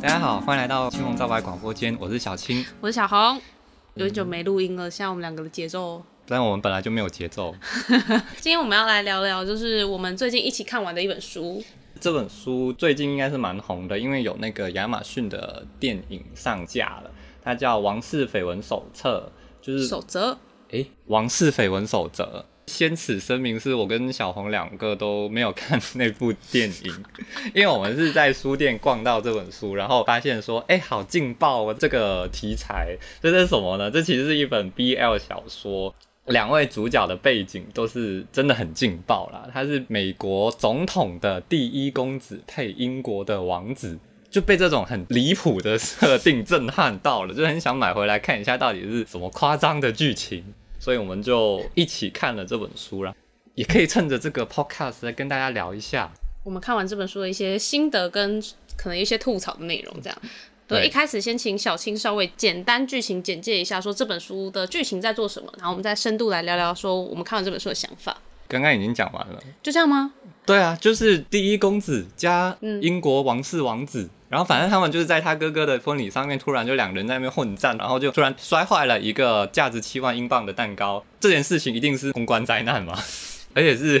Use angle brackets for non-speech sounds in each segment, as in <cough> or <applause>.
大家好，歡迎來到青紅皂白廣播間，我是小青，我是小紅，有很久沒錄音了，嗯、現在我們兩個的節奏，但我們本來就沒有節奏。 <laughs> 今天我們要來聊聊，就是我們最近一起看完的一本書。這本書最近應該是蠻紅的，因為有那個亞馬遜的電影上架了，它叫《王室緋聞手冊》，就是守則。誒，《王室緋聞守則》。先此聲明，是我跟小紅兩個都沒有看那部電影，因為我們是在書店逛到這本書，然後發現說，哎，好勁爆哦，這個題材，這是什麼呢？這其實是一本 BL 小說，兩位主角的背景都是真的很勁爆啦，他是美國總統的第一公子配英國的王子，就被這種很離譜的設定震撼到了，就很想買回來看一下到底是什麼誇張的劇情。所以我們就一起看了這本書啦，然後也可以趁着這個 podcast 來跟大家聊一下我們看完這本書的一些心得，跟可能一些吐槽的內容。這樣，對，對，一開始先請小青稍微簡單劇情簡介一下，說這本書的劇情在做什麼，然後我們再深度來聊聊說我們看完這本書的想法。剛剛已經講完了，就這樣嗎？對啊，就是第一公子加英國王室王子。嗯。然後反正他們就是在他哥哥的婚禮上面，突然就兩人在那邊混戰，然後就突然摔壞了一個價值七萬英鎊的蛋糕。這件事情一定是公關災難嘛，而且是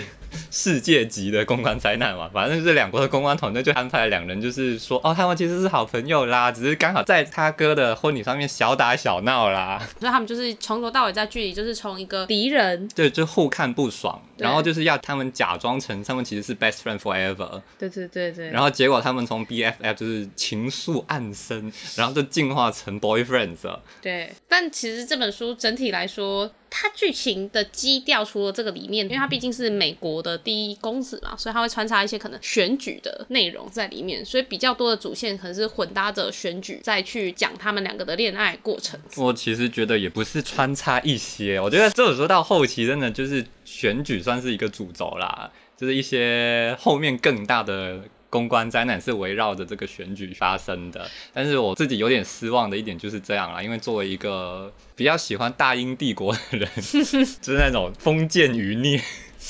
世界級的公關災難嘛。反正就是兩國的公關團隊就安排了兩人，就是說哦，他們其實是好朋友啦，只是剛好在他哥的婚禮上面小打小鬧啦。所以他們就是從頭到尾在劇裡就是從一個敵人，對，就互看不爽。然後就是要他們假裝成他們其實是 best friend forever，對對對對。然後結果他們從 BFF 就是情愫暗生，然後就進化成 boyfriends 了。對，但其實這本書整體來說，它劇情的基調除了這個裡面，因為它畢竟是美國的第一公子嘛，所以它會穿插一些可能選舉的內容在裡面，所以比較多的主線可能是混搭着選舉再去講他們兩個的戀愛過程。我其實覺得也不是穿插一些，我覺得這種說到後期真的就是。選舉算是一個主軸啦，就是一些後面更大的公關災難是圍繞着這個選舉發生的。但是我自己有點失望的一點就是這樣啦，因為作為一個比較喜歡大英帝國的人， <laughs> 就是那種封建餘孽。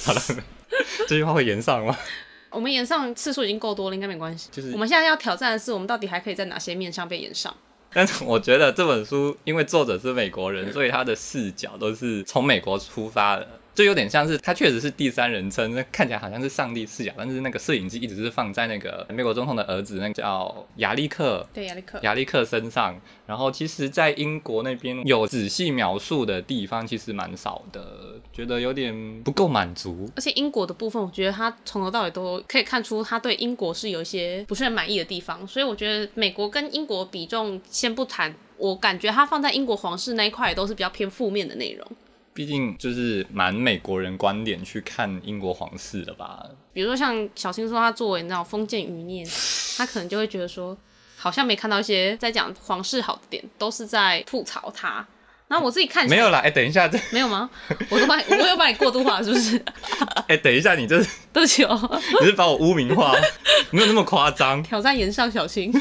好了， <laughs> 這句話會延上嗎？我們延上次數已經夠多了，應該沒關係。就是我們現在要挑戰的是，我們到底還可以在哪些面上被延上？但是我覺得這本書，因為作者是美國人，所以他的視角都是從美國出發的。就有點像是他確實是第三人稱，那看起來好像是上帝視角，但是那個攝影機一直是放在那個美國總統的兒子，那個叫亞歷克，對亞歷克，亞歷克身上。然後其實，在英國那邊有仔細描述的地方其實蠻少的，覺得有點不夠滿足。而且英國的部分，我覺得他從頭到尾都可以看出他對英國是有一些不是很滿意的地方，所以我覺得美國跟英國比重先不談，我感覺他放在英國皇室那一塊也都是比較偏負面的內容。畢竟就是蠻美國人觀點去看英國皇室的吧，比如說像小青說，他作為那種封建餘孽，他可能就會覺得說，好像沒看到一些在講皇室好的點，都是在吐槽他。那我自己看沒有啦，哎，等一下這沒有嗎？我都把我沒有把你過度化，是不是？哎，等一下你這、就是、對不起哦，你是把我污名化， <laughs> 沒有那麼誇張。挑戰言少，小心。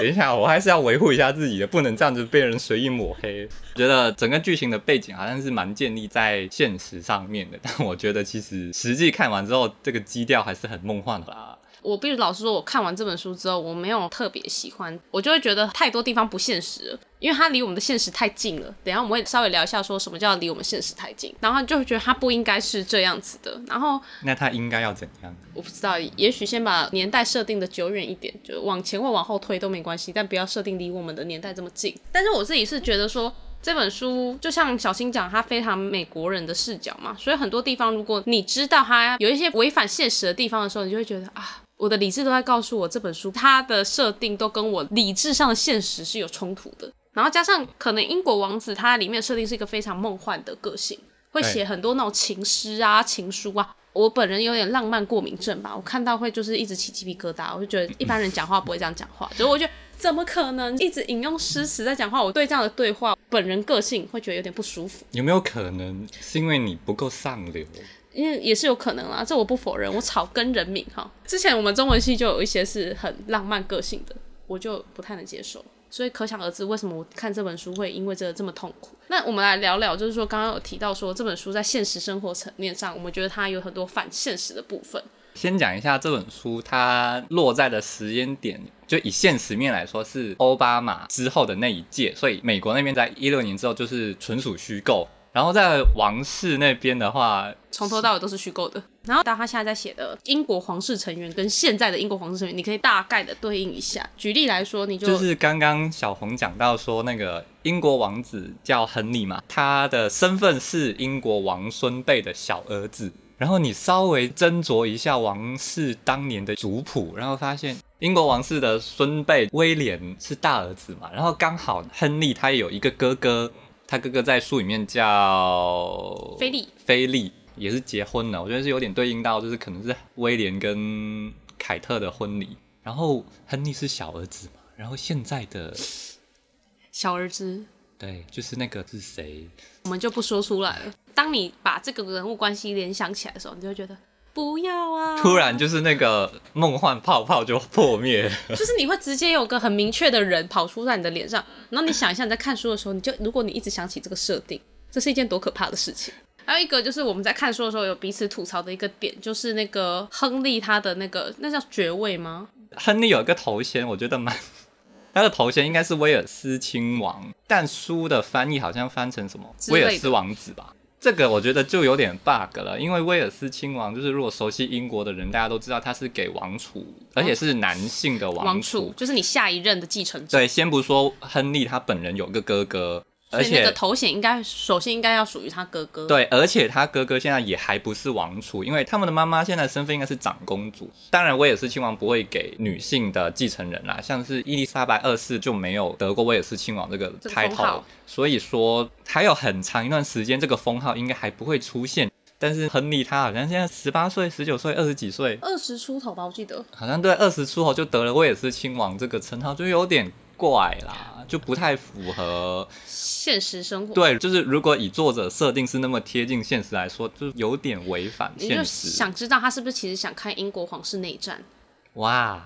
等一下我還是要維護一下自己的，不能這樣子被人隨意抹黑。 <laughs> 我覺得整個劇情的背景好像是蠻建立在現實上面的，但我覺得其實實際看完之後，這個基調還是很夢幻的啦。我必須老實說，我看完這本書之後，我沒有特別喜歡，我就會覺得太多地方不現實了，因為它離我們的現實太近了。等一下我們會稍微聊一下，說什麼叫離我們現實太近，然後就會覺得它不應該是這樣子的。然後那它應該要怎樣？我不知道，也許先把年代設定得久遠一點，就往前或往後推都沒關係，但不要設定離我們的年代這麼近。但是我自己是覺得說，這本書就像小青講，它非常美國人的視角嘛，所以很多地方如果你知道它有一些違反現實的地方的時候，你就會覺得啊。我的理智都在告訴我，這本書它的設定都跟我理智上的現實是有衝突的。然後加上可能英國王子，他裡面設定是一個非常夢幻的個性，會寫很多那種情詩啊、欸、情書啊。我本人有點浪漫過敏症吧，我看到會就是一直起雞皮疙瘩，我就覺得一般人講話不會這樣講話，所以 <laughs> 我覺得怎麼可能一直引用詩詞在講話？我對這樣的對話，本人個性會覺得有點不舒服。有沒有可能是因為你不夠上流？因為也是有可能啦、啊，這我不否認。我草根人民哈，之前我們中文系就有一些是很浪漫個性的，我就不太能接受。所以可想而知，為什麼我看這本書會因為這個這麼痛苦。那我們來聊聊，就是說剛剛有提到說這本書在現實生活層面上，我們覺得它有很多反現實的部分。先講一下這本書，它落在的時間點，就以現實面來說是奧巴馬之後的那一屆，所以美國那邊在一六年之後就是純屬虛構。然後在王室那邊的話，從頭到尾都是虛構的。然後當他現在在寫的英國皇室成員跟現在的英國皇室成員，你可以大概的對應一下。舉例來說，你就就是剛剛小紅講到說，那個英國王子叫亨利嘛，他的身份是英國王孫輩的小兒子。然後你稍微斟酌一下王室當年的族譜，然後發現英國王室的孫輩威廉是大兒子嘛，然後剛好亨利他也有一個哥哥。他哥哥，在書裡面叫菲利力，菲利也是結婚了。我覺得是有點對應到，就是可能是威廉跟凱特的婚禮。然後亨利是小兒子嘛。然後現在的小兒子，對，就是那個是誰，我們就不說出來了。唉當你把這個人物關係聯想起來的時候，你就會覺得。不要啊！突然就是那個夢幻泡泡就破滅，就是你會直接有個很明確的人跑出在你的臉上，然後你想一下你在看書的時候，你就如果你一直想起這個設定，這是一件多可怕的事情。還有一個就是我們在看書的時候有彼此吐槽的一個點，就是那個亨利他的那個那叫爵位嗎？亨利有一個頭銜，我覺得蠻，他的頭銜應該是威爾斯親王，但書的翻譯好像翻成什麼？威爾斯王子吧。這個我覺得就有點 bug 了，因為威爾斯親王就是如果熟悉英國的人，大家都知道他是給王儲，而且是男性的王儲，王儲就是你下一任的繼承者。對，先不說亨利他本人有個哥哥。所以你而且的頭銜應該首先應該要屬於他哥哥。對，而且他哥哥現在也還不是王儲，因為他們的媽媽現在身份應該是長公主。當然，威爾斯親王不會給女性的繼承人啦，像是伊麗莎白二世就沒有得過威爾斯親王這個 title。所以說還有很長一段時間，這個封號應該還不會出現。但是亨利他好像現在十八歲、十九歲、二十幾歲，二十出頭吧，我記得。好像對，二十出頭就得了威爾斯親王這個稱號，就有點。怪啦，就不太符合、嗯、現實生活。對，就是如果以作者設定是那麼貼近現實來說，就有點違反現實。你就想知道他是不是其實想看英國皇室內戰？哇，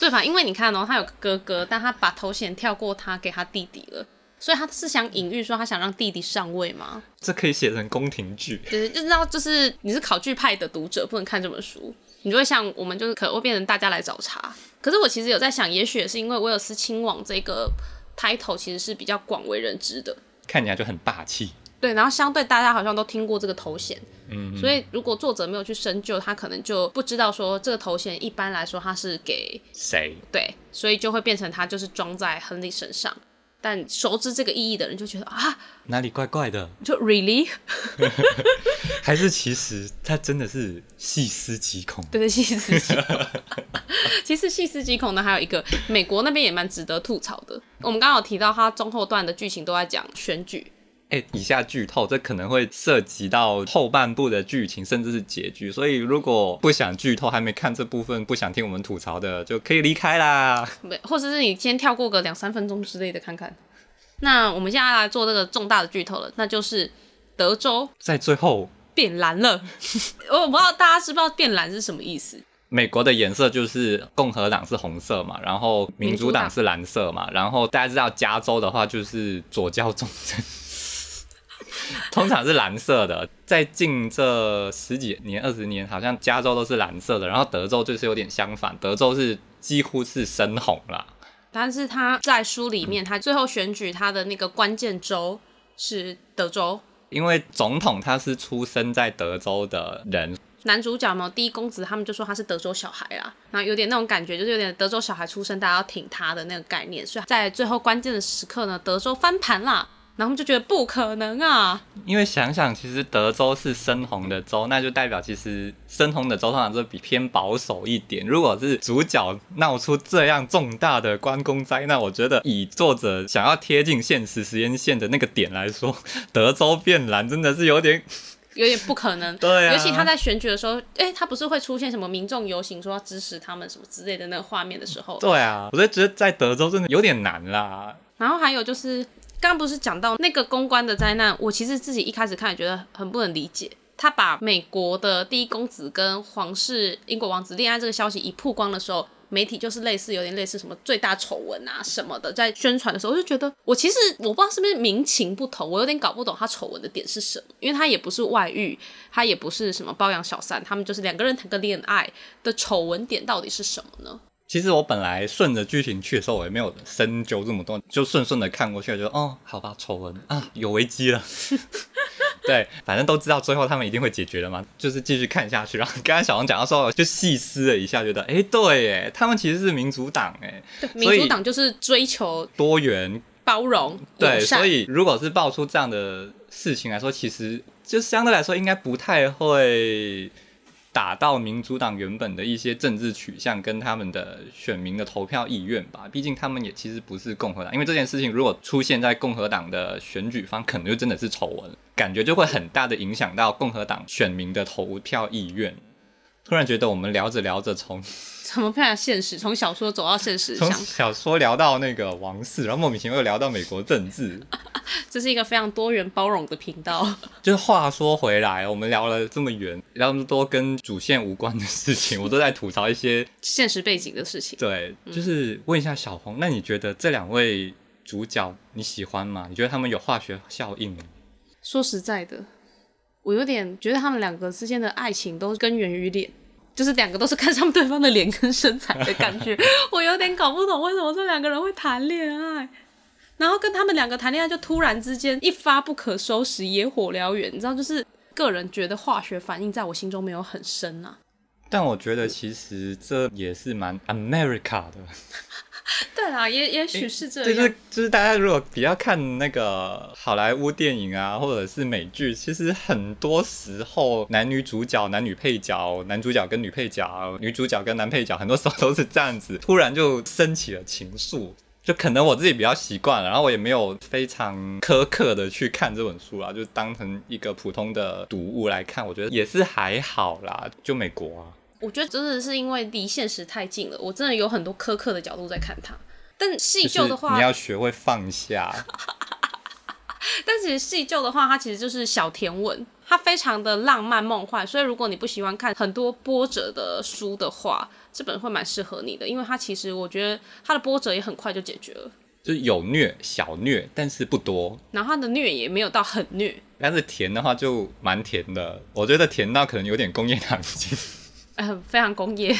對吧？因為你看哦、喔，他有個哥哥，但他把頭銜跳過他給他弟弟了，所以他是想隱喻說他想讓弟弟上位嗎？嗯、這可以寫成宮廷劇。對，就知道就是你是考據派的讀者，不能看這本書，你就會像我們就是可能會變成大家來找茬。可是我其實有在想，也許也是因為威爾斯親王這個 title 其實是比較廣為人知的，看起來就很霸氣。對，然後相對大家好像都聽過這個頭銜，嗯，嗯，所以如果作者沒有去深究，他可能就不知道說這個頭銜一般來說他是給誰，誰對，所以就會變成他就是裝在亨利身上。但熟知這個意義的人就覺得啊，哪裡怪怪的？就 really？ <laughs> <laughs> 還是其實他真的是細思極恐？對對，細思極恐。 <laughs> 其實細思極恐呢，還有一個美國那邊也蠻值得吐槽的。我們剛剛有提到，它中後段的劇情都在講選舉。欸、以下劇透，這可能會涉及到後半部的劇情，甚至是結局。所以，如果不想劇透，還沒看這部分，不想聽我們吐槽的，就可以離開啦。沒，或者是你先跳過個兩三分鐘之類的，看看。那我們現在來做這個重大的劇透了，那就是德州在最後變藍了。 <laughs> 我不知道大家知不，不知道變藍是什麼意思？美國的顏色就是共和黨是紅色嘛，然後民主黨是藍色嘛，然後大家知道加州的話就是左膠重鎮。 <laughs> 通常是藍色的，在近這十幾年、二十年，好像加州都是藍色的，然後德州就是有點相反，德州是幾乎是深紅啦。但是他在書裡面，嗯、他最後選舉他的那個關鍵州是德州，因為總統他是出生在德州的人。男主角嘛，第一公子他們就說他是德州小孩啦，然後有點那種感覺，就是有點德州小孩出生，大家要挺他的那個概念。所以在最後關鍵的時刻呢，德州翻盤啦。然後就覺得不可能啊，因為想想，其實德州是深紅的州，那就代表其實深紅的州通常都比偏保守一點。如果是主角鬧出這樣重大的關公災，那我覺得以作者想要貼近現實時間線的那個點來說，德州變藍真的是有點有點不可能。 <laughs> 對啊，尤其他在選舉的時候，哎，他不是會出現什麼民眾遊行說要支持他們什麼之類的那個畫面的時候？對啊，我就覺得在德州真的有點難啦。然後還有就是。剛不是講到那個公關的災難，我其實自己一開始看也覺得很不能理解。他把美國的第一公子跟皇室英國王子戀愛這個消息一曝光的時候，媒體就是類似有點類似什麼最大醜聞啊什麼的，在宣傳的時候，我就覺得我其實我不知道是不是民情不同，我有點搞不懂他醜聞的點是什麼，因為他也不是外遇，他也不是什麼包養小三，他們就是兩個人談個戀愛的醜聞點到底是什麼呢？其實我本來順着劇情去的時候，我也沒有深究這麼多，就順順的看過去，了就哦，好吧，醜聞啊，有危機了。 <laughs> 對，反正都知道最後他們一定會解決的嘛，就是繼續看下去。然後剛才小紅講的時候，就細思了一下，覺得哎，對，哎，他們其實是民主黨，哎，對，以民主黨就是追求多元包容。對，所以如果是爆出這樣的事情來說，其實就相對來說應該不太會。打到民主黨原本的一些政治取向跟他們的選民的投票意願吧，畢竟他們也其實不是共和黨，因為這件事情如果出現在共和黨的選舉方，可能就真的是醜聞，感覺就會很大的影響到共和黨選民的投票意願。突然覺得我們聊着聊着從怎麼變成現實，從小說走到現實，從小說聊到那個王室，然後莫名其妙又聊到美國政治。 <laughs> 這是一個非常多元包容的頻道。 <laughs> 就是話說回來，我們聊了這麼遠，聊那麼多跟主線無關的事情，我都在吐槽一些現實背景的事情。對，嗯、就是問一下小紅，那你覺得這兩位主角你喜歡嗎？你覺得他們有化學效應嗎？說實在的，我有點覺得他們兩個之間的愛情都根源於臉，就是兩個都是看上對方的臉跟身材的感覺。 <laughs> 我有點搞不懂為什麼這兩個人會談戀愛。然後跟他們兩個談戀愛，就突然之間一發不可收拾，野火燎原，你知道，就是個人覺得化學反應在我心中沒有很深啊。但我覺得其實這也是蠻 America 的。 <laughs> 對啊，也也許是這樣，欸。就是就是大家如果比較看那個好萊塢電影啊，或者是美劇，其實很多時候男女主角、男女配角、男主角跟女配角、女主角跟男配角，很多時候都是這樣子，突然就升起了情愫。就可能我自己比較習慣了，然後我也沒有非常苛刻的去看這本書啦，就是當成一個普通的讀物來看，我覺得也是還好啦。就美國啊，我覺得真的是因為離現實太近了，我真的有很多苛刻的角度在看它。但細究的話，你要學會放下。 <laughs> 但其實細舊的話，它其實就是小甜文，它非常的浪漫夢幻，所以如果你不喜歡看很多波折的書的話，這本會蠻適合你的，因為它其實我覺得它的波折也很快就解決了，就是有虐小虐，但是不多，然後它的虐也沒有到很虐，但是甜的話就蠻甜的，我覺得甜到可能有點工業糖精，呃，非常工業，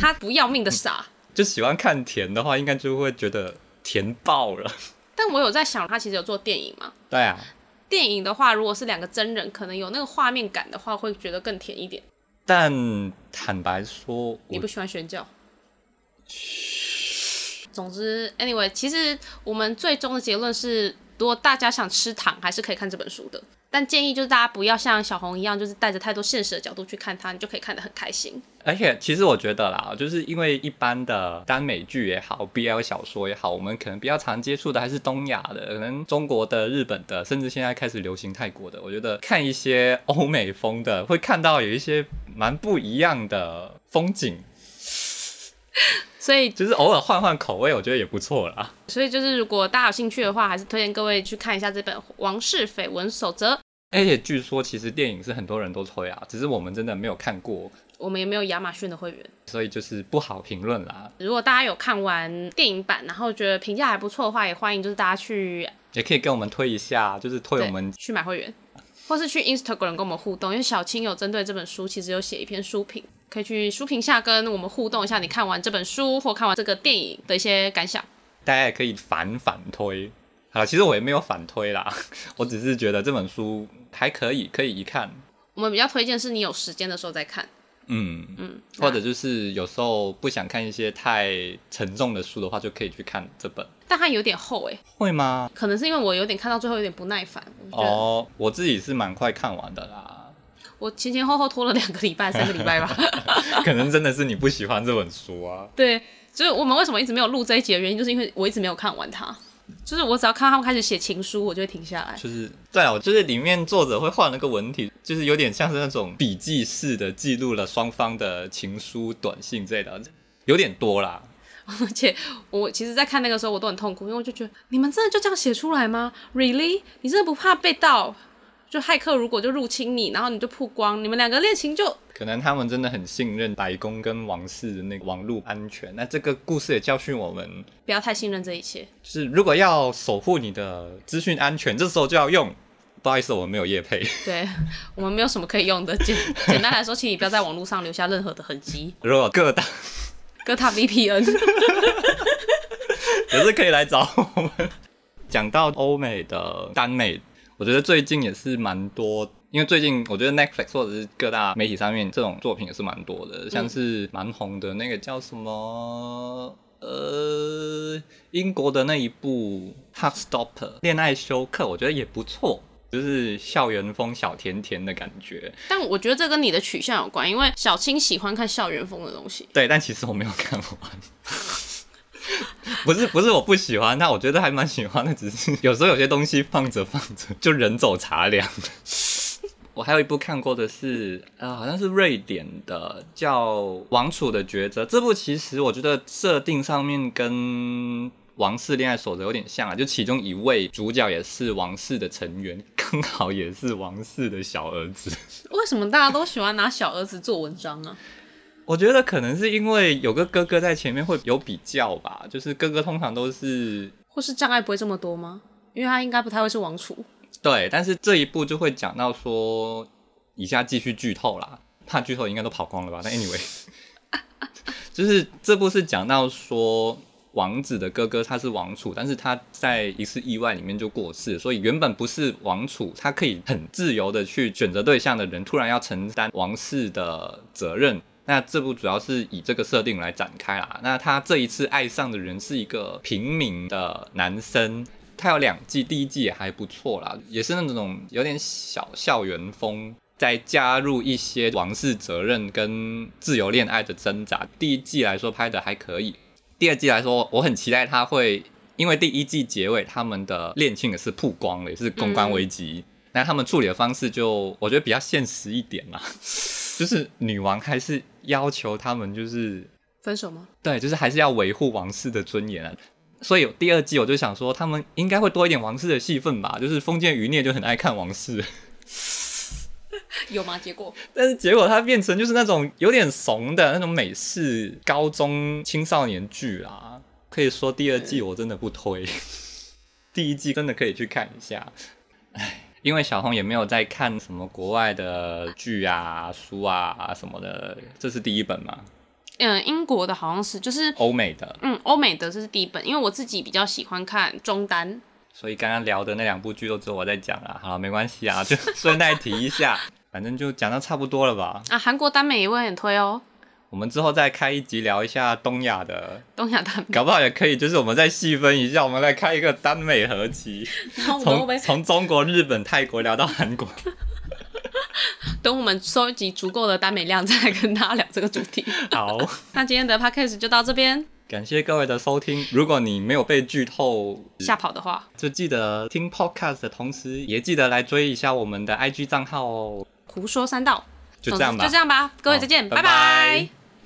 他 <laughs> <laughs> <laughs> 不要命的傻，就喜歡看甜的話，應該就會覺得甜爆了。但我有在想，他其實有做電影嘛。對啊，電影的話，如果是兩個真人，可能有那個畫面感的話，會覺得更甜一點。但坦白說，你不喜歡宣教。我總之，anyway，其實我們最終的結論是，如果大家想吃糖，還是可以看這本書的。但建議就是大家不要像小紅一樣，就是帶着太多現實的角度去看它，你就可以看得很開心。而且、okay, 其實我覺得啦，就是因為一般的耽美劇也好，BL 小說也好，我們可能比較常接觸的還是東亞的，可能中國的、日本的，甚至現在開始流行泰國的。我覺得看一些歐美風的，會看到有一些蠻不一樣的風景。 <laughs> 所以，就是偶爾換換口味，我覺得也不錯啦。所以，就是如果大家有興趣的話，還是推薦各位去看一下這本《王室緋聞守則》。而且、欸，據說其實電影是很多人都推啊，只是我們真的沒有看過，我們也沒有亞馬遜的會員，所以就是不好評論啦。如果大家有看完電影版，然後覺得評價還不錯的話，也歡迎就是大家去，也可以跟我們推一下，就是推我們去買會員， <laughs> 或是去 Instagram 跟我們互動，因為小青有針對這本書，其實有寫一篇書評。可以去書評下跟我們互動一下，你看完這本書或看完這個電影的一些感想。大家也可以反反推。啊。其實我也沒有反推啦，我只是覺得這本書還可以，可以一看。我們比較推薦是你有時間的時候再看。嗯嗯，嗯或者就是有時候不想看一些太沉重的書的話，就可以去看這本。但它有點厚誒、欸，會嗎？可能是因為我有點看到最後有點不耐煩。哦，我自己是蠻快看完的啦。我前前後後拖了兩個禮拜、三個禮拜吧。 <laughs> 可能真的是你不喜歡這本書啊。對，就是我們為什麼一直沒有錄這一集的原因，就是因為我一直沒有看完它。就是我只要看他們開始寫情書，我就會停下來。就是對啊，就是裡面作者會換了個文體，就是有點像是那種筆記式的記錄了雙方的情書、短信之類的，有點多啦。 <laughs> 而且我其實，在看那個時候我都很痛苦，因為我就覺得，你們真的就這樣寫出來嗎？Really？你真的不怕被盜？就駭客如果就入侵你，然後你就曝光，你們兩個戀情就可能，他們真的很信任白宮跟王室的那個網絡安全。那這個故事也教訓我們，不要太信任這一切。是如果要守護你的資訊安全，這時候就要用。不好意思，我們沒有業配。對，我們沒有什麼可以用的。簡簡單來說，請你不要在網絡上留下任何的痕跡。如果各大各大 VPN，可 <laughs> <laughs> 是可以來找我們。講到歐美的，耽美。我覺得最近也是蠻多，因為最近我覺得 Netflix 或者是各大媒體上面這種作品也是蠻多的，像是蠻紅的那個叫什麼、嗯、呃英國的那一部 Heartstopper 戀愛修課，我覺得也不錯，就是校園風小甜甜的感覺。但我覺得這跟你的取向有關，因為小青喜歡看校園風的東西。對，但其實我沒有看完。 <laughs> 不是不是，不是我不喜歡，但我覺得還蠻喜歡的，只是有時候有些東西放着放着就人走茶涼。 <laughs> 我還有一部看過的是，啊、呃，好像是瑞典的，叫《王儲的抉擇》。這部其實我覺得設定上面跟王室戀愛守則有點像啊，就其中一位主角也是王室的成員，剛好也是王室的小兒子。為什麼大家都喜歡拿小兒子做文章啊？我覺得可能是因為有個哥哥在前面會有比較吧，就是哥哥通常都是，或是障礙不會這麼多嗎？因為他應該不太會是王儲。對，但是這一部就會講到說，以下繼續劇透啦，怕劇透應該都跑光了吧？那 anyway， <laughs> 就是這部是講到說，王子的哥哥他是王儲，但是他在一次意外裡面就過世，所以原本不是王儲，他可以很自由的去選擇對象的人，突然要承擔王室的責任。那這部主要是以這個設定來展開啦。那他這一次愛上的人是一個平民的男生。他有兩季，第一季也還不錯啦，也是那種有點小校園風，再加入一些王室責任跟自由戀愛的掙扎。第一季來說拍的還可以，第二季來說我很期待他會，因為第一季結尾他們的戀情也是曝光了，也是公關危機。嗯嗯，那他們處理的方式就我覺得比較現實一點啦，就是女王還是。要求他們就是分手嗎？對，就是還是要維護王室的尊嚴。所以第二季我就想說，他們應該會多一點王室的戲份吧。就是封建餘孽就很愛看王室，有嗎？結果，但是結果他變成就是那種有點慫的那種美式高中青少年劇啦。可以說第二季我真的不推，第一季真的可以去看一下。唉。因為小紅也沒有在看什麼國外的劇啊、書啊，啊什麼的，這是第一本嗎？嗯，英國的好像是就是歐美的，嗯，歐美的這是第一本，因為我自己比較喜歡看中單，所以剛剛聊的那兩部劇都只有我在講啊，好，沒關係啊，就順帶提一下， <laughs> 反正就講到差不多了吧？啊，韓國耽美也會很推哦。我們之後再開一集聊一下東亞的東亞單美，搞不好也可以，就是我們再細分一下，我們來開一個單美合集，從從中國、日本、泰國聊到韓國。等我們收集足夠的單美量，再來跟大家聊這個主題。好， <laughs> 那今天的 podcast 就到這邊，感謝各位的收聽。如果你沒有被劇透嚇跑的話，就記得聽 podcast 的同時，也記得來追一下我們的 IG 賬號哦。胡說三道，就這樣吧，就這樣吧，各位再見，哦、拜拜。拜拜。